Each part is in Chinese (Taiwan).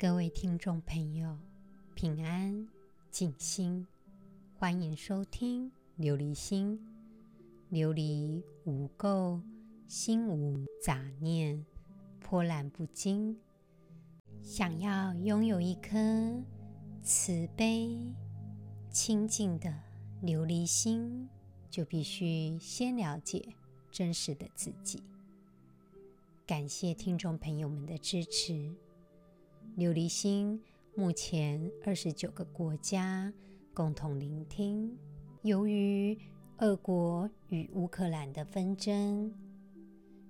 各位聽眾朋友，平安靜心，歡迎收聽琉璃心。琉璃無垢，心無雜念，波瀾不驚。想要擁有一顆慈悲清淨的琉璃心，就必須先了解真實的自己。感謝聽眾朋友們的支持。琉璃心，星目前二十九個國家共同聆聽。由於俄國與烏克蘭的紛爭，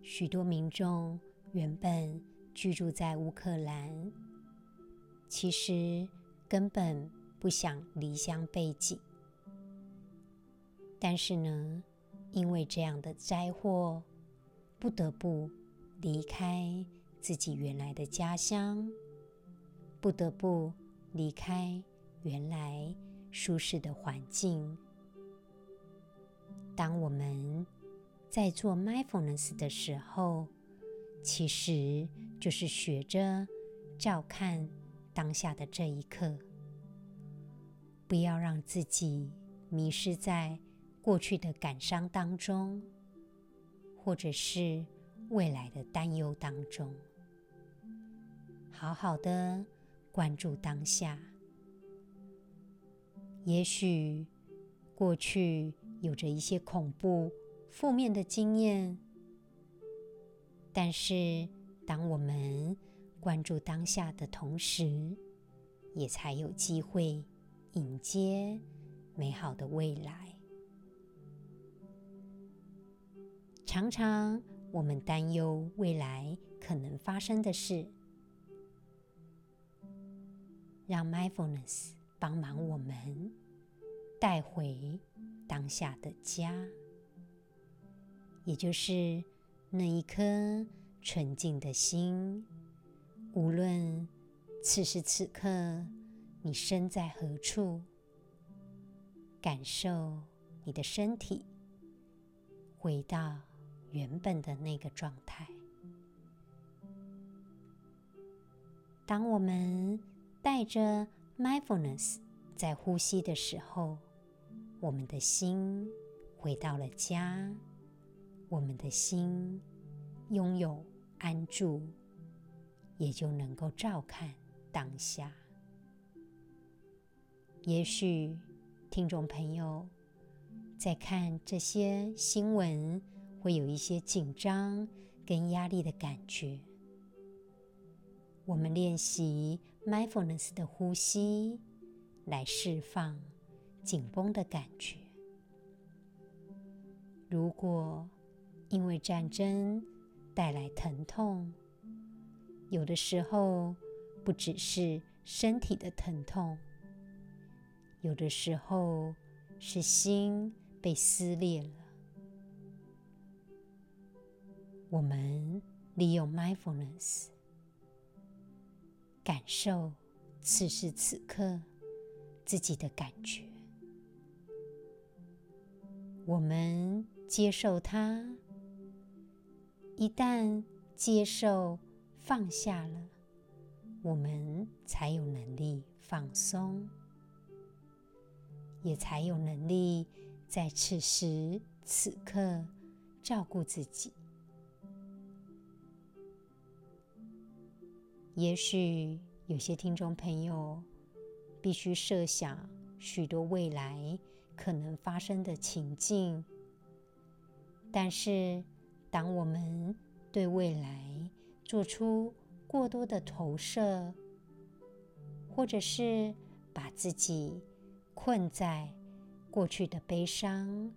許多民眾原本居住在烏克蘭，其實根本不想離鄉背井，但是呢，因為這樣的災禍，不得不離開自己原來的家鄉。不得不離開原來舒適的環境。當我們在做 mindfulness 的時候，其實就是學着照看當下的這一刻。不要讓自己迷失在過去的感傷當中，或者是未來的擔憂當中。好好的。關注當下，也許過去有着一些恐怖、負面的經驗，但是當我們關注當下的同時，也才有機會迎接美好的未來。常常我們擔憂未來可能發生的事。讓 mindfulness 幫忙我們帶回當下的家，也就是那一顆純淨的心。無論此時此刻你身在何處，感受你的身體回到原本的那個狀態。當我們帶着 mindfulness，在呼吸的時候，我們的心回到了家，我們的心擁有安住，也就能夠照看當下。也許聽眾朋友在看這些新聞，會有一些緊張跟壓力的感覺。我們練習 mindfulness 的呼吸，來釋放緊繃的感覺。如果因為戰爭帶來疼痛，有的時候不只是身體的疼痛，有的時候是心被撕裂了。我們利用 mindfulness。感受此時此刻自己的感覺，我們接受它。一旦接受放下了，我們才有能力放鬆，也才有能力在此時此刻照顧自己。也許有些聽眾朋友必須設想許多未來可能發生的情境，但是，當我們對未來做出過多的投射，或者是把自己困在過去的悲傷，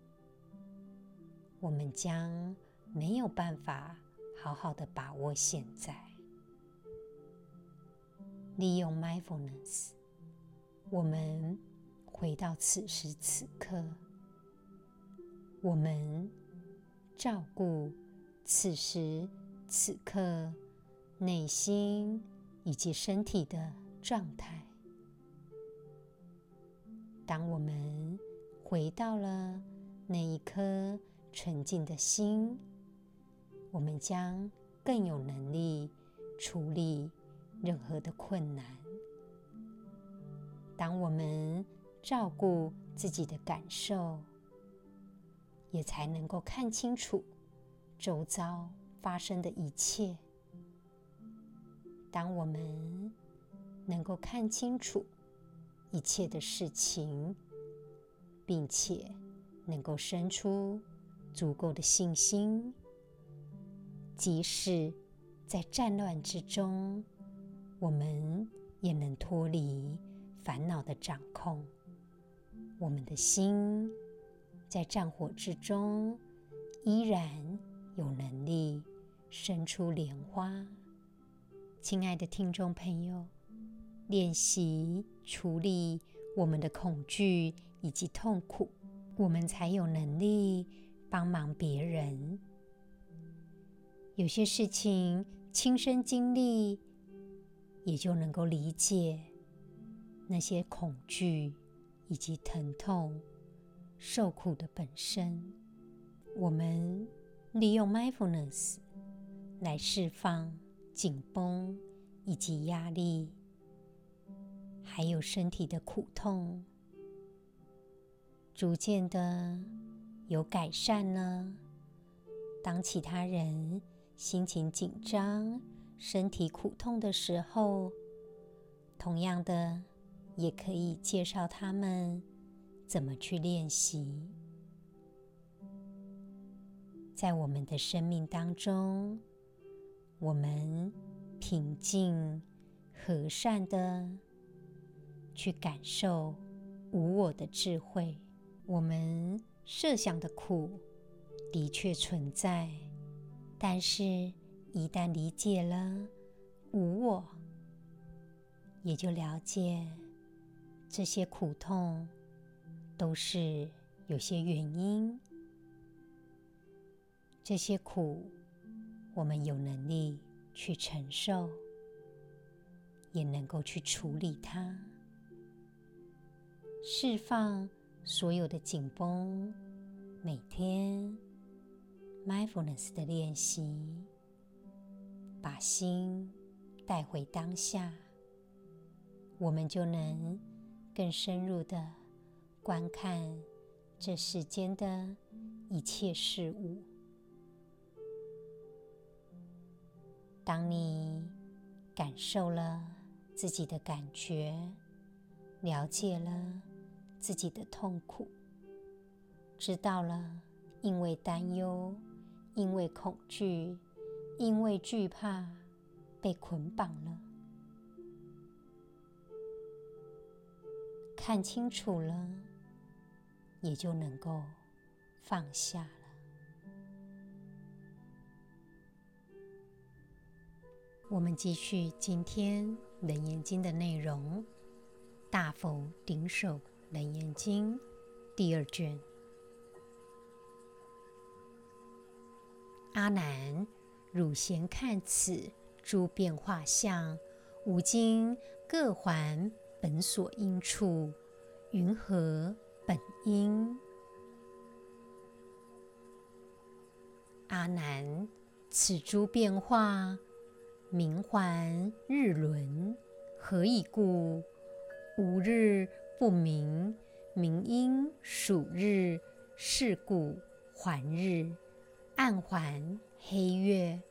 我們將沒有辦法好好的把握現在。利用 mindfulness，我們回到此時此刻，我們照顧此時此刻內心以及身體的狀態。當我們回到了那一顆純淨的心，我們將更有能力處理。任何的困難，當我們照顧自己的感受，也才能夠看清楚周遭發生的一切。當我們能夠看清楚一切的事情，並且能夠生出足夠的信心，即使在戰亂之中。我們也能脫離煩惱的掌控。我們的心在戰火之中，依然有能力生出蓮花。親愛的聽眾朋友，練習處理我們的恐懼以及痛苦，我們才有能力幫忙別人。有些事情親身經歷。也就能夠理解那些恐懼以及疼痛、受苦的本身。我們利用 mindfulness 來釋放緊繃以及壓力，還有身體的苦痛，逐漸的有改善呢。當其他人心情緊張。身體苦痛的時候，同樣的也可以介紹他們怎麼去練習。在我們的生命當中，我們平靜、和善的去感受無我的智慧。我們設想的苦的確存在，但是。一旦理解了無我，也就了解這些苦痛都是有些原因。這些苦，我們有能力去承受，也能夠去處理它，釋放所有的緊繃。每天 mindfulness 的練習。把心帶回當下，我們就能更深入的觀看這世間的一切事物。當你感受了自己的感覺，了解了自己的痛苦，知道了因為擔憂，因為恐懼。因為懼怕，被捆綁了；看清楚了，也就能夠放下了。我們繼續今天《楞嚴經》的內容，大幅《大佛頂首楞嚴經》。第二卷，阿難。汝閑看此諸變化相，吾今各還本所因處，云何本因？阿難，此諸變化明還日輪，何以故？無日不明，明因屬日，是故還日，暗還。黑月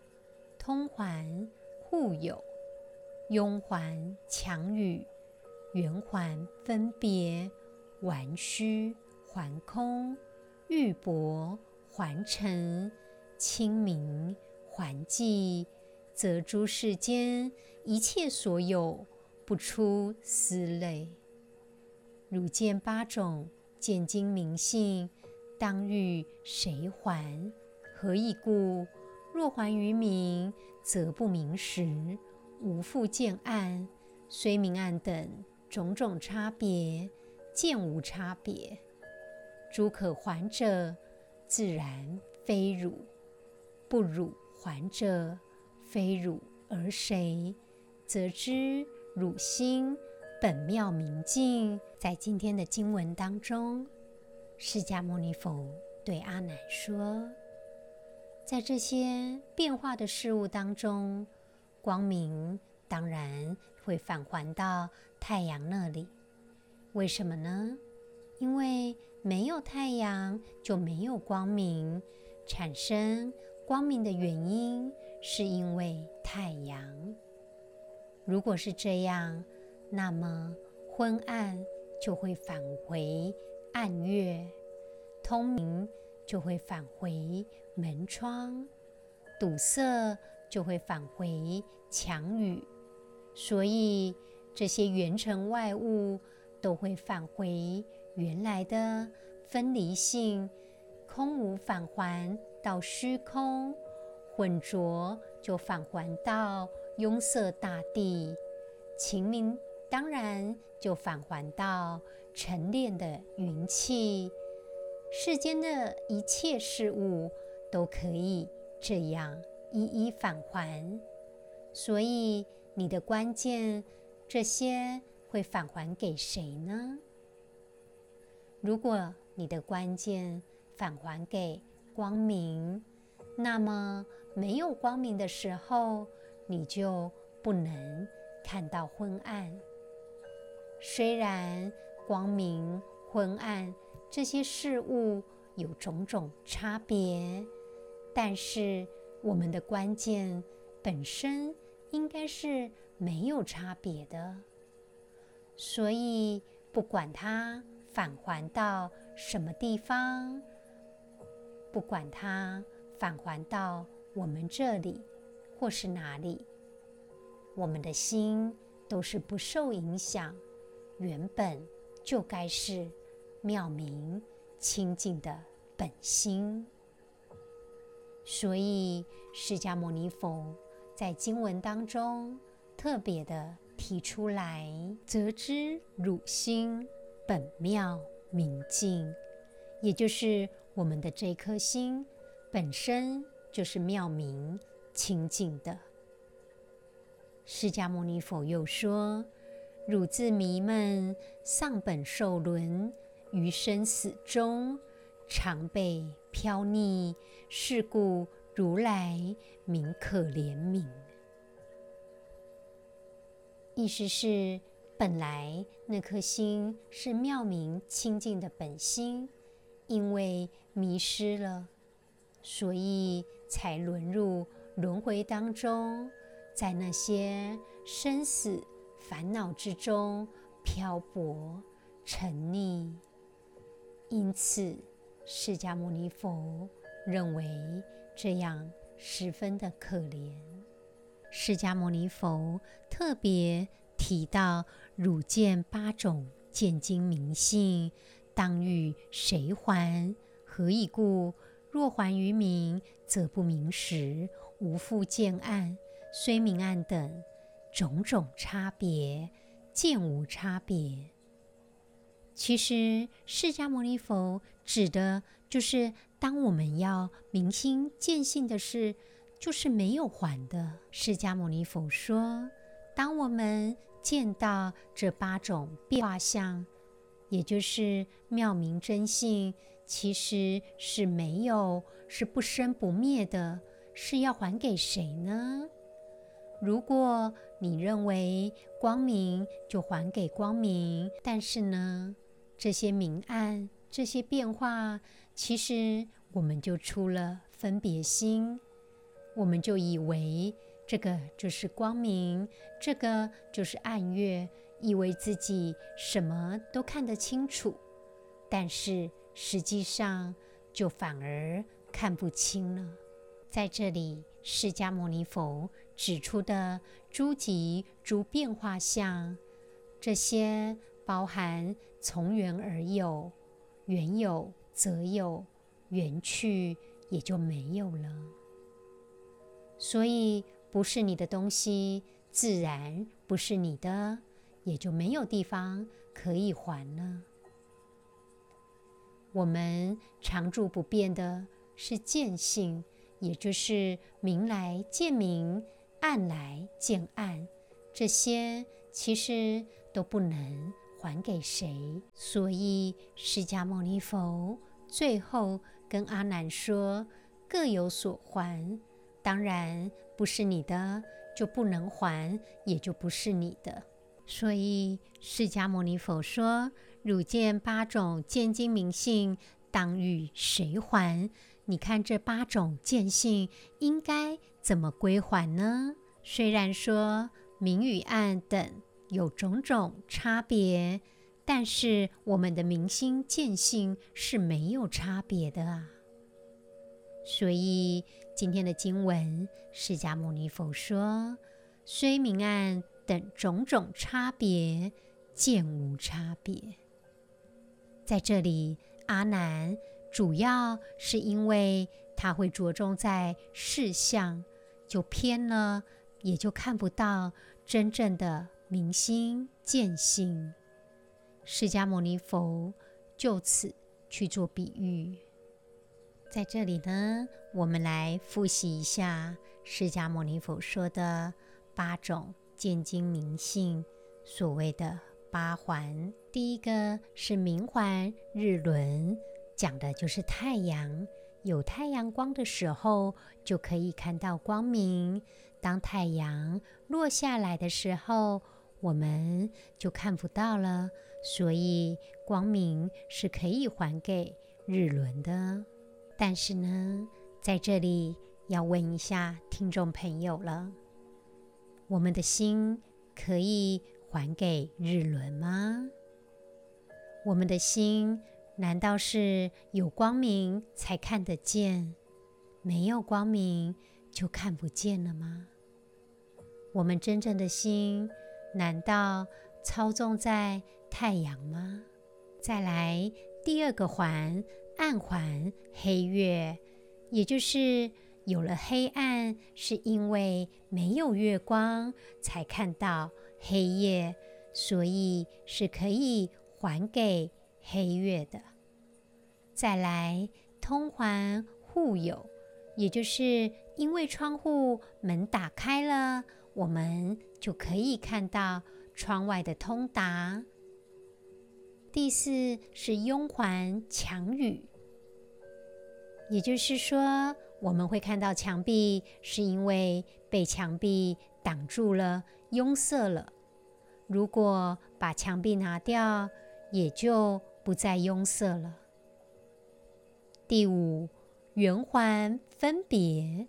通還戶牖，壅還牆宇、緣還分別，頑虛還空，玉帛還塵，清明還霽，則諸世間一切所有，不出斯類。汝見八種見精明性，當欲誰還？何以故？若還於明，則不明時；無復見暗，雖明暗等種種差別，見無差別。諸可還者，自然非汝；不汝還者，非汝而誰？則知汝心本妙明淨。在今天的經文當中，釋迦牟尼佛對阿難說。在這些變化的事物當中，光明當然會返還到太陽那裡。為什麼呢？因為沒有太陽就沒有光明。產生光明的原因是因為太陽。如果是這樣，那麼昏暗就會返回暗月，通明就會返回。門窗堵塞就會返回牆宇，所以這些原塵外物都會返回原來的分離性空無，返還到虛空；渾濁就返還到擁塞大地，清明當然就返還到沉澱的雲氣。世間的一切事物，都可以這樣一一返還，所以你的關鍵這些會返還給誰呢？如果你的關鍵返還給光明，那麼沒有光明的時候，你就不能看到昏暗。雖然光明、昏暗這些事物有種種差別，但是，我們的關鍵本身應該是沒有差別的，所以不管它返還到什麼地方，不管它返還到我們這裡或是哪裡，我們的心都是不受影響，原本就該是妙明清淨的本心。所以，釋迦牟尼佛在經文當中特別的提出來，則知汝心本妙明淨，也就是我們的這顆心本身就是妙明清淨的。釋迦牟尼佛又說：“汝自迷悶，喪本受輪，於生死中。”常被飄溺，是故如來名可憐憫。意思是，本來那顆心是妙明清淨的本心，因為迷失了，所以才淪入輪迴當中，在那些生死煩惱之中漂泊沉溺，因此，釋迦牟尼佛認為這樣十分的可憐。釋迦牟尼佛特別提到：汝見八種見精明性，當欲誰還？何以故？若還於明，則不明時無復見暗；雖明暗等種種差別，見無差別。其實，釋迦牟尼佛指的就是當我們要明心見性的事，就是沒有還的。釋迦牟尼佛說，當我們見到這八種變化相，也就是妙明真性，其實是沒有，是不生不滅的。是要還給誰呢？如果你認為光明就還給光明，但是呢？這些明暗，這些變化，其實我們就出了分別心，我們就以為這個就是光明，這個就是暗月，以為自己什麼都看得清楚，但是實際上就反而看不清了。在這裡，釋迦牟尼佛指出的諸極、諸變化像這些包含，從緣而有，緣有則有，緣去也就沒有了。所以，不是你的東西，自然不是你的，也就沒有地方可以還了。我們常住不變的是見性，也就是明來見明，暗來見暗，這些其實都不能。還給誰？所以釋迦牟尼佛最後跟阿難說：“各有所還，當然不是你的就不能還，也就不是你的。”所以釋迦牟尼佛說：“汝見八種見精明性，當與誰還？”你看這八種見性應該怎麼歸還呢？雖然說明與暗等。有種種差別，但是我們的明心見性是沒有差別的啊。所以今天的經文，釋迦牟尼佛說：“雖明暗等種種差別，見無差別。”在這裡，阿難主要是因為他會着重在事相，就偏了，也就看不到真正的。明心見性，釋迦牟尼佛就此去做比喻。在這裡呢，我們來複習一下釋迦牟尼佛說的八種見精明性，所謂的八環。第一個是明環日輪講的就是太陽。有太陽光的時候，就可以看到光明；當太陽落下來的時候，我們就看不到了，所以光明是可以還給日輪的。但是呢，在這裡要問一下聽眾朋友了：我們的心可以還給日輪嗎？我們的心難道是有光明才看得見，沒有光明就看不見了嗎？我們真正的心。難道操縱在太陽嗎？再來第二個環，暗環黑月，也就是有了黑暗，是因為沒有月光才看到黑夜，所以是可以還給黑月的。再來通環戶牖，也就是因為窗戶門打開了。我們就可以看到窗外的通達。第四是壅還牆宇，也就是說，我們會看到牆壁，是因為被牆壁擋住了，壅塞了。如果把牆壁拿掉，也就不再壅塞了。第五，緣還分別。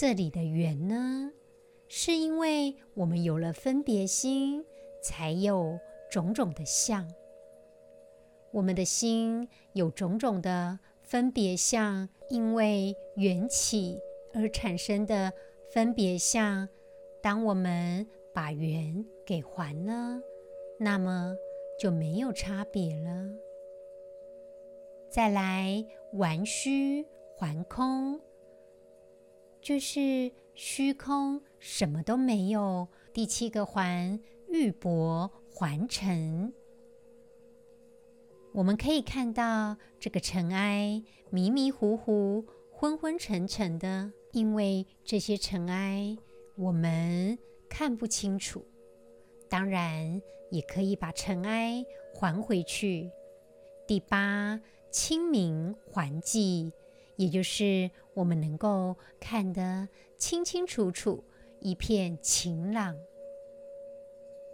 這裡的緣呢，是因為我們有了分別心，才有種種的相。我們的心有種種的分別相，因為緣起而產生的分別相。當我們把緣給還了，那麼就沒有差別了。再來還虛還空。就是虛空，什麼都沒有。第七個還，鬱䘗還塵，我們可以看到這個塵埃迷迷糊糊、昏昏沉沉的，因為這些塵埃我們看不清楚。當然，也可以把塵埃還回去。第八，清明還霽。也就是我們能夠看得清清楚楚，一片晴朗，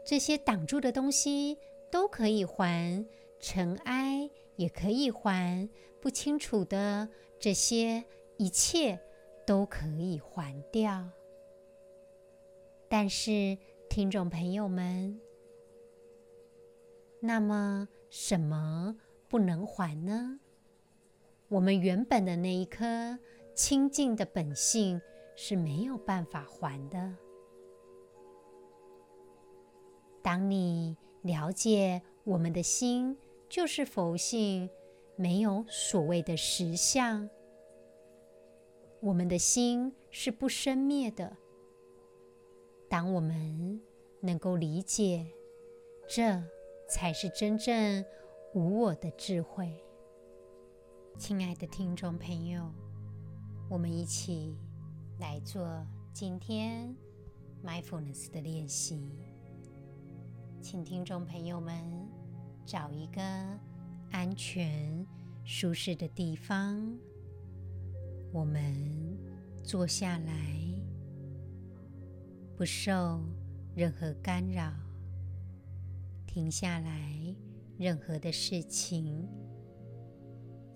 這些擋住的東西都可以還，塵埃也可以還，不清楚的這些一切都可以還掉。但是，聽眾朋友們，那麼什麼不能還呢？我們原本的那一顆清淨的本性是沒有辦法還的。當你了解我們的心就是佛性，沒有所謂的實相，我們的心是不生滅的。當我們能夠理解，這才是真正無我的智慧。親愛的聽眾朋友，我們一起來做今天 mindfulness 的練習。請聽眾朋友們找一個安全、舒適的地方，我們坐下來，不受任何干擾，停下來，任何的事情。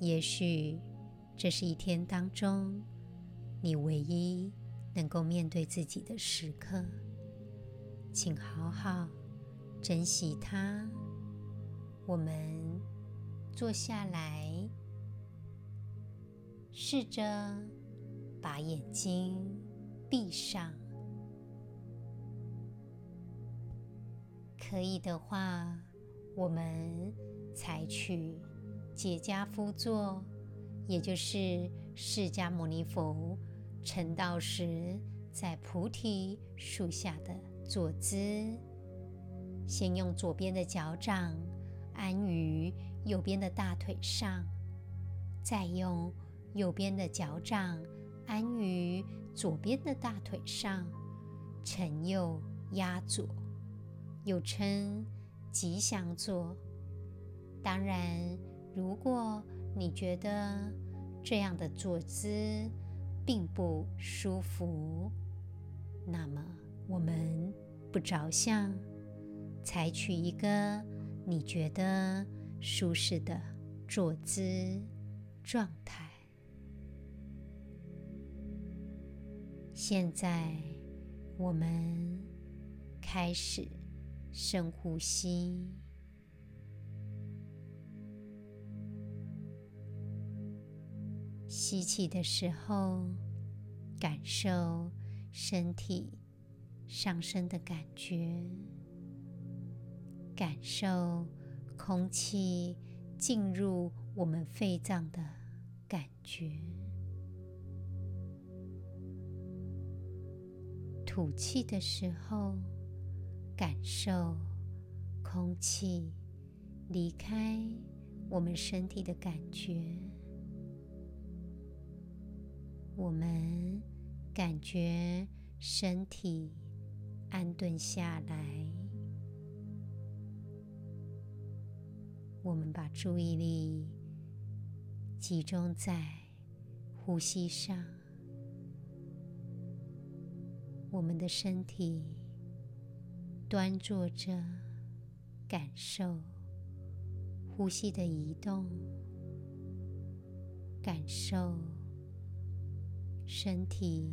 也許，這是一天當中你唯一能夠面對自己的時刻，請好好珍惜它。我們坐下來，試着把眼睛閉上。可以的話，我們採取。解跏趺坐，也就是釋迦牟尼佛成道時在菩提樹下的坐姿。先用左邊的腳掌安於右邊的大腿上，再用右邊的腳掌安於左邊的大腿上，承右壓左，又稱吉祥坐。當然。如果你覺得這樣的坐姿並不舒服，那麼我們不着相，採取一個你覺得舒適的坐姿狀態。現在，我們開始深呼吸。吸氣的時候，感受身體上升的感覺，感受空氣進入我們肺臟的感覺。吐氣的時候，感受空氣離開我們身體的感覺。我們感覺身體安頓下來，我們把注意力集中在呼吸上。我們的身體端坐着，感受呼吸的移動，感受。身體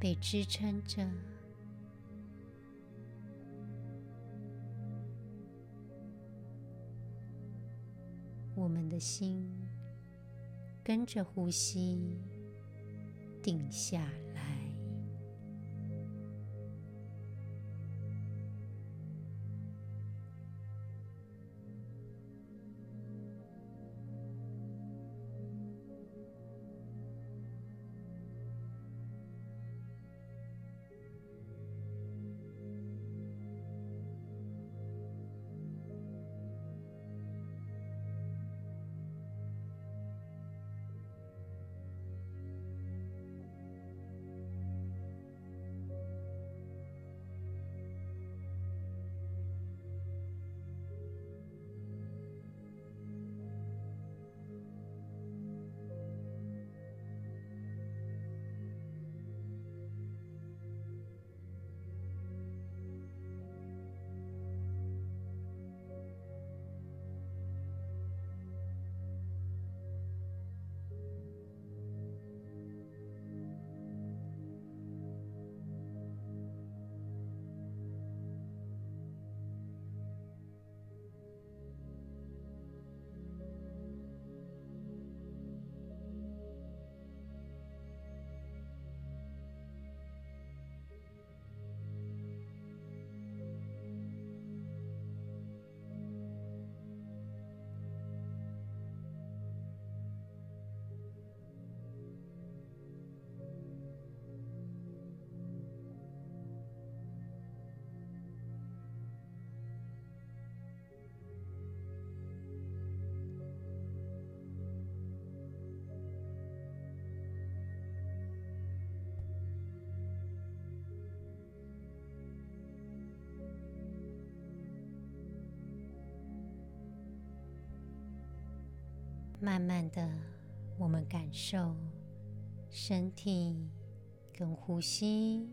被支撐着，我們的心跟着呼吸定下來。慢慢的，我們感受身體跟呼吸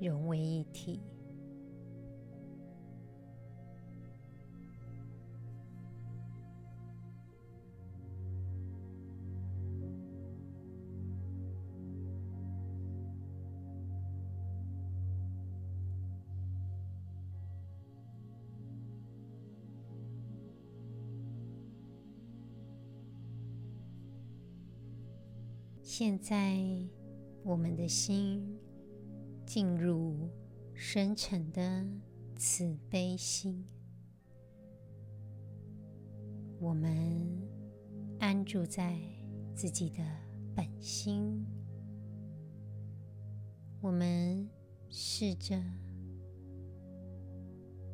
融為一體。現在，我們的心進入深沉的慈悲心，我們安住在自己的本心，我們試着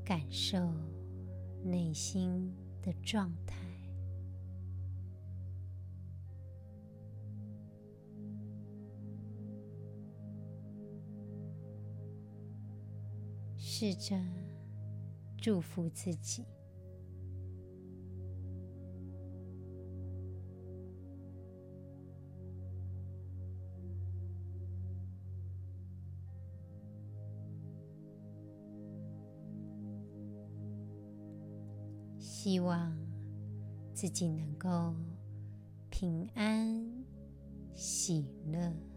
感受內心的狀態。試着祝福自己，希望自己能夠平安喜樂。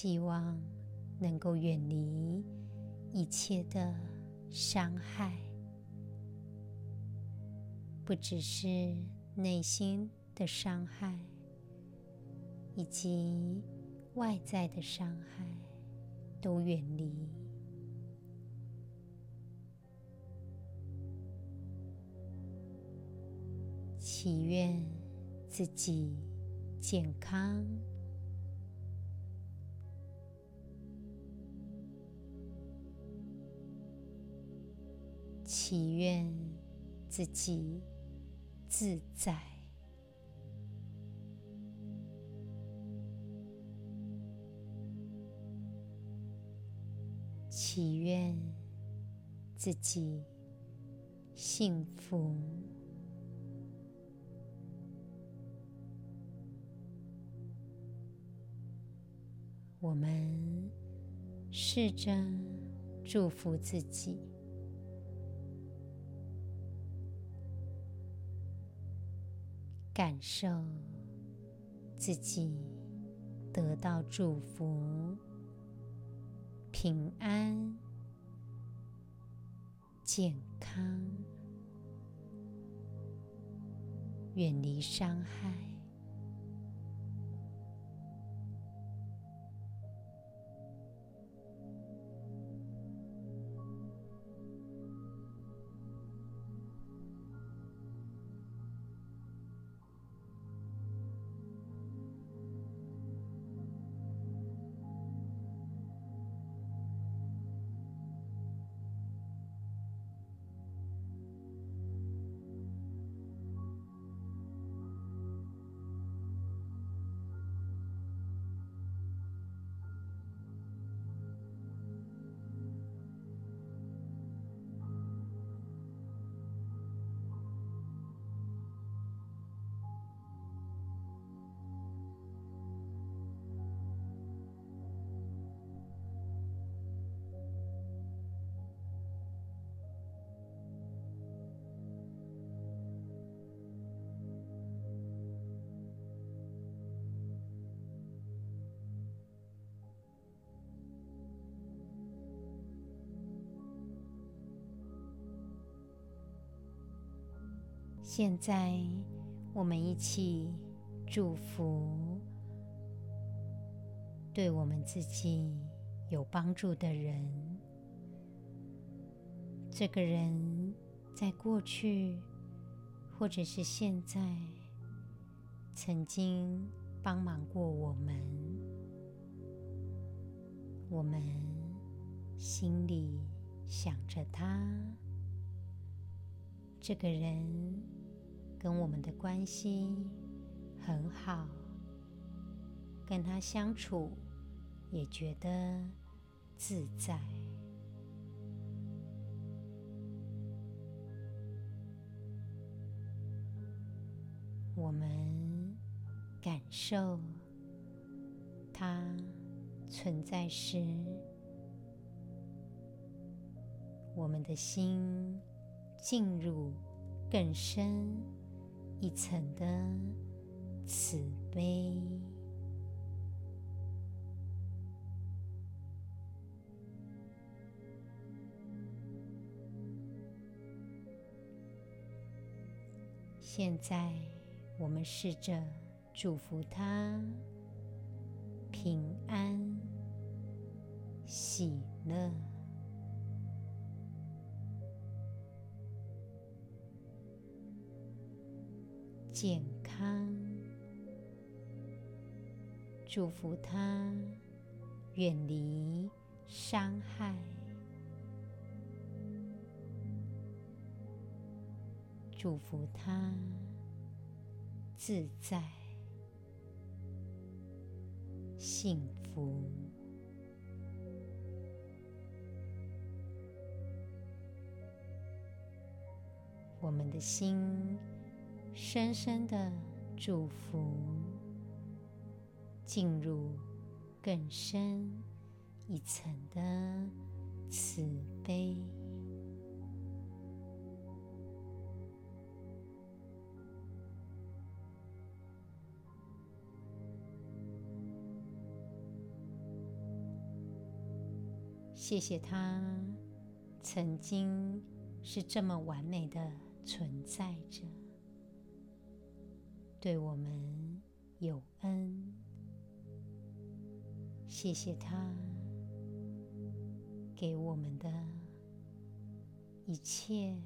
希望能夠遠離一切的傷害，不只是內心的傷害，以及外在的傷害，都遠離。祈願自己健康。祈願自己自在，祈願自己幸福。我們試着祝福自己。感受自己得到祝福，平安、健康，遠離傷害。現在，我們一起祝福對我們自己有幫助的人。這個人在過去或者是現在曾經幫忙過我們，我們心裡想着他。這個人。跟我們的關係很好，跟他相處也覺得自在。我們感受他存在時，我們的心進入更深，一層的慈悲。現在，我們試着祝福他平安、喜樂。健康，祝福他遠離傷害，祝福他自在幸福。我們的心。深深的祝福，進入更深一層的慈悲，謝謝他曾經是這麼完美的存在着，對我們有恩，謝謝他給我們的一切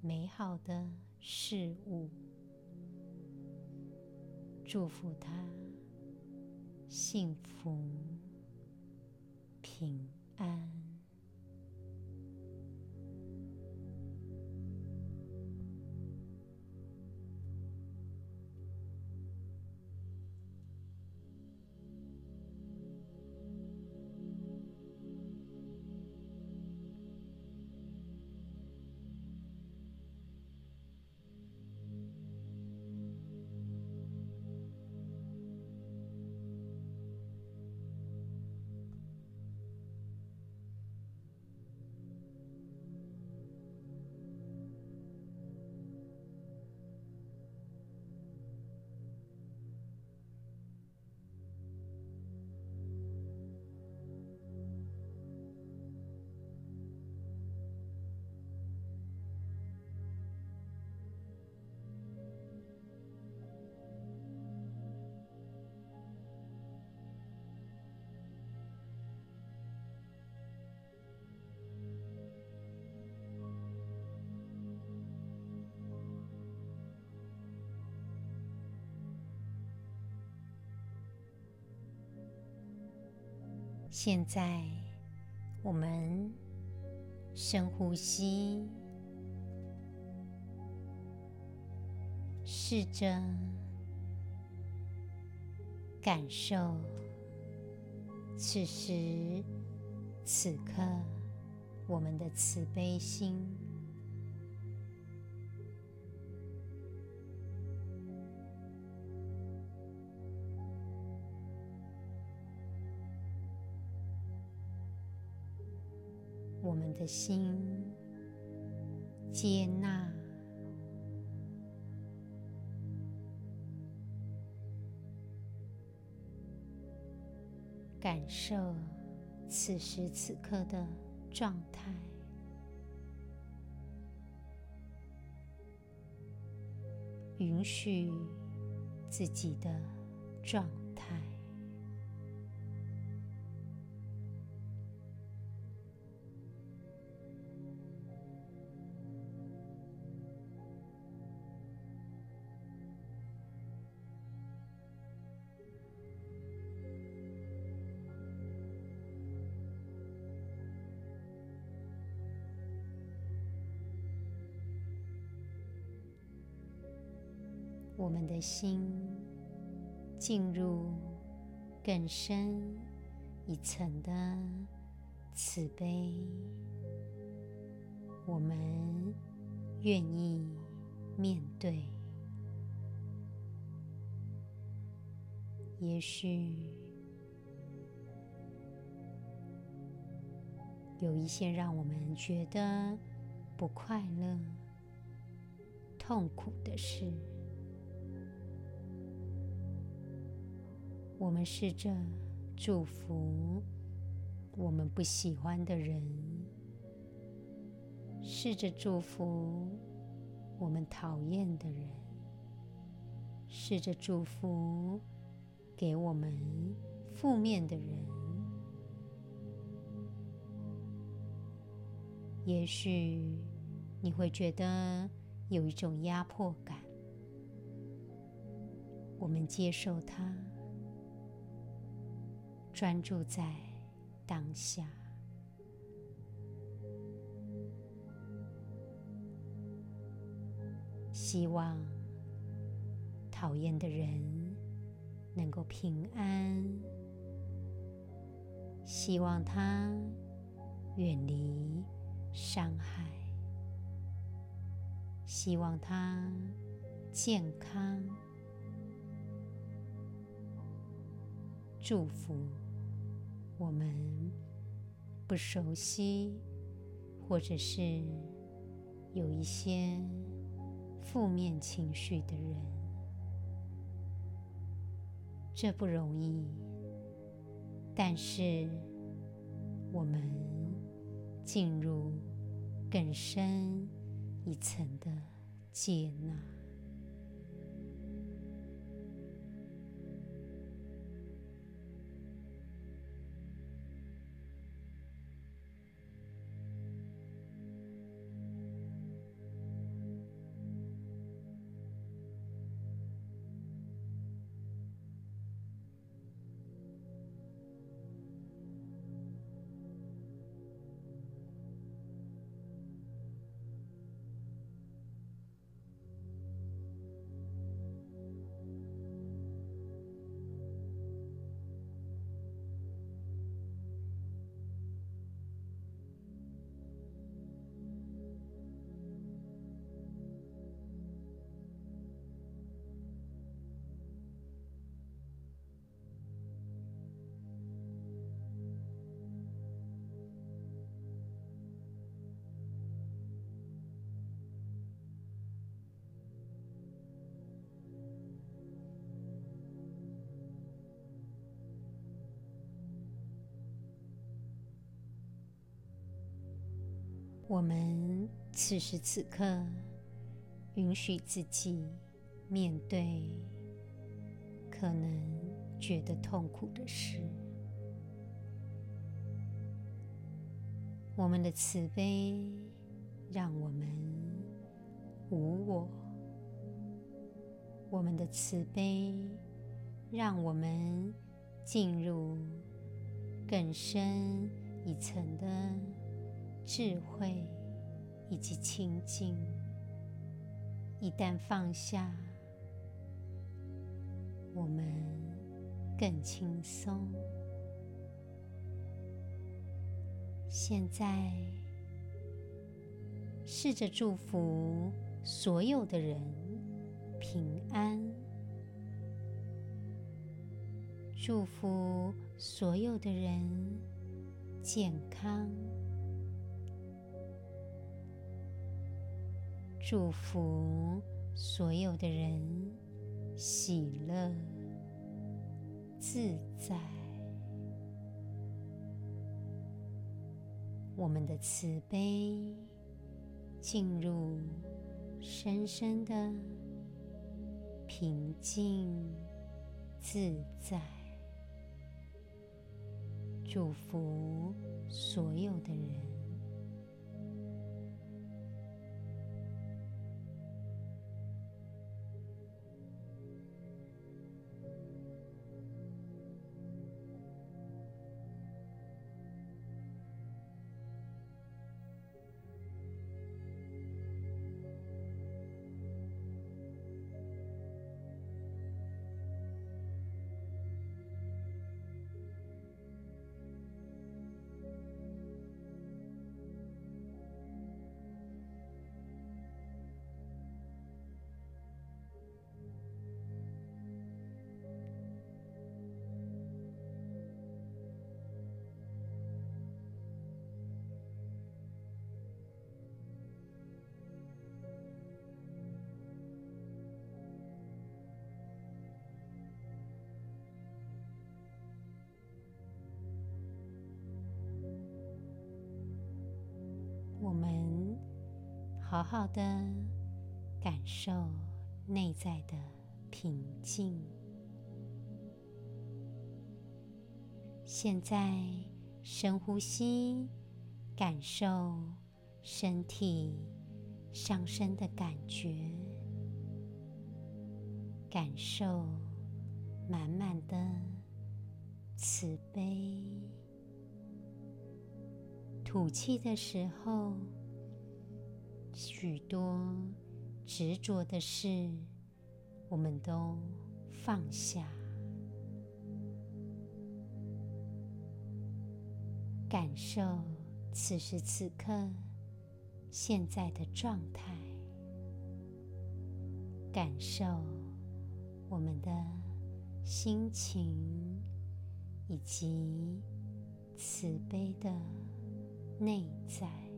美好的事物，祝福他幸福平安。現在，我們深呼吸，試着感受此時此刻我們的慈悲心。你的心接納，感受此時此刻的狀態，允許自己的狀態。心進入更深一層的慈悲，我們願意面對。也許有一些讓我們覺得不快樂、痛苦的事。我們試着祝福我們不喜歡的人，試着祝福我們討厭的人，試着祝福給我們負面的人。也許你會覺得有一種壓迫感，我們接受它。專注在當下，希望討厭的人能夠平安，希望他遠離傷害，希望他健康，祝福。我們不熟悉，或者是有一些負面情緒的人，這不容易。但是，我們進入更深一層的接納。我們此時此刻允許自己面對可能覺得痛苦的事，我們的慈悲讓我們無我，我們的慈悲讓我們進入更深一層的。智慧以及清靜，一旦放下，我們更輕鬆。現在試着祝福所有的人平安，祝福所有的人健康。祝福所有的人喜樂自在，我們的慈悲進入深深的平靜自在，祝福所有的人。好好的感受內在的平靜。現在深呼吸，感受身體上升的感覺，感受滿滿的慈悲。吐氣的時候。許多執着的事，我們都放下。感受此時此刻現在的狀態，感受我們的心情以及慈悲的內在。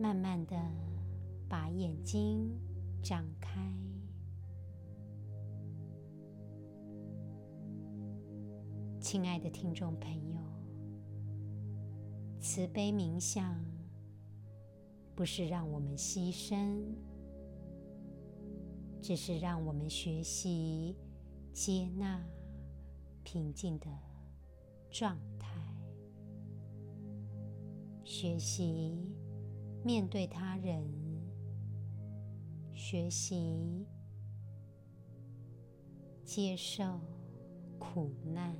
慢慢的把眼睛張開，親愛的聽眾朋友，慈悲冥想不是讓我們犧牲，只是讓我們學習接納平靜的狀態，學習。面對他人，學習接受苦難。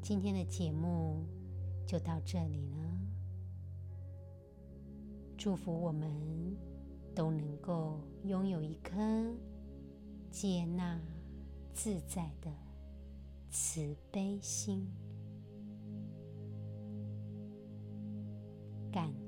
今天的節目就到這裡了，祝福我們。都能夠擁有一顆接納自在的慈悲心。感。